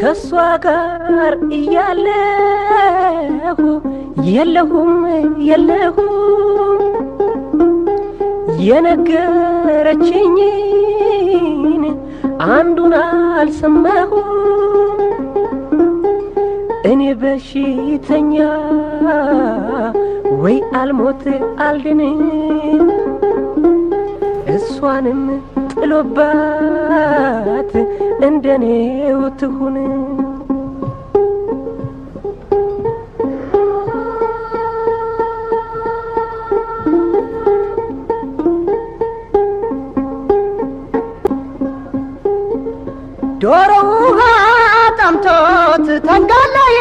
ከእሷ ጋር እያለሁ የለሁም የለሁም የነገረችኝን አንዱን አልሰማሁም። እኔ በሽተኛ ወይ አልሞት አልድን እሷንም ጥሎባት እንደኔው ትሁን ዶሮ ውሃ ጠምቶት ተንጋላይ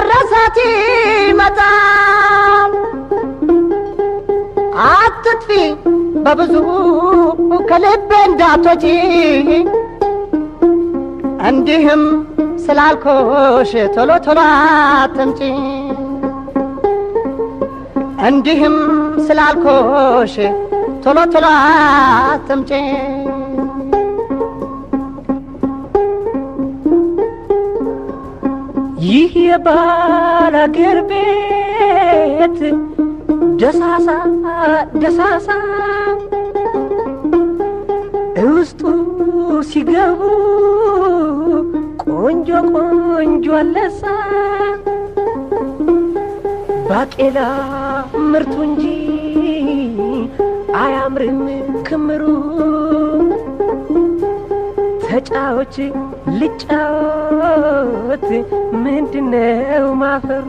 መረሳት ይመጣል። አትጥፊ በብዙ ከልቤ እንዳትወጪ እንዲህም ስላልኮሽ ቶሎ ቶሎ አትምጪ እንዲህም ስላልኮሽ ቶሎ ቶሎ አትምጪ ይህ የባላገር ቤት ደሳሳ ደሳሳ እውስጡ ሲገቡ ቆንጆ ቆንጆ አለሳ ባቄላ ምርቱ እንጂ አያምርም ክምሩ ጫዎች ልጫወት ምንድነው ማፈሩ